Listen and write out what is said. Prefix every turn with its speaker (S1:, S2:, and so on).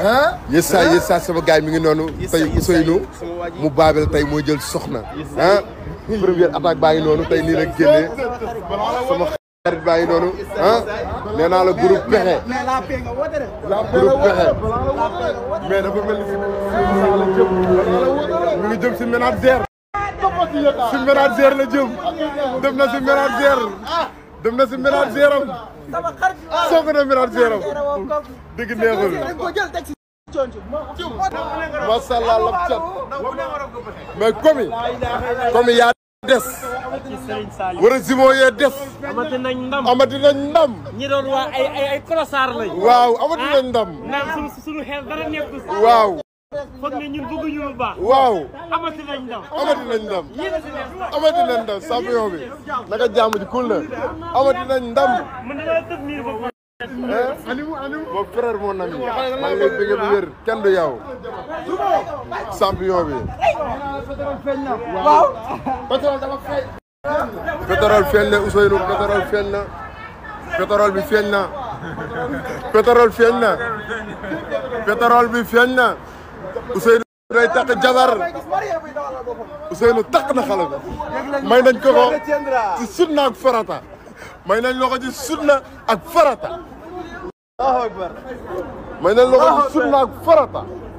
S1: ah yes saa sama gars yi mi ngi noonu tey Ousseynou mu baabel tey moo jël soxna ah première attaque baa ngi noonu tey nii la génnee sama xarit baa noonu ah nee naa la groupe pexe groupe pexe mais dafa mel ni mi ngi jëm si ménagère si ménagère la jëm dem na si ménagère dem na si ménagère sama xarit la ah. soo ko doon miraat si yaram dëgg neexul macha allah la cat mais comme comme yaa des war a simoo yee des amati ndam amati ndam ñi doon waa ay ay ay waaw amati ndam ah, waaw foog ne ñun bëgguñu lu baax. waaw amati nañ ndam. amati nañ ndam. amati nañ ndam champion bi. naka jàmm ji cool na. amati nañ ndam. man dama tëb miir ba. Aliou Aliou. moom frère moo nami. maa ngi lay bëgg bu wér kenn du yow. champion bi. waaw. pétrole dafa fay. pétrole feeñ na Ousseynou pétrole feeñ na. pétrole bi feeñ na. pétrole feeñ na. pétrole bi feeñ na. Ousseynou day takk jabar Ousseynou takk na xale bi may nañ ko ko ci sunna ak farata may nañ la ko ci sunna ak farata may nañ la ko ci sunna ak farata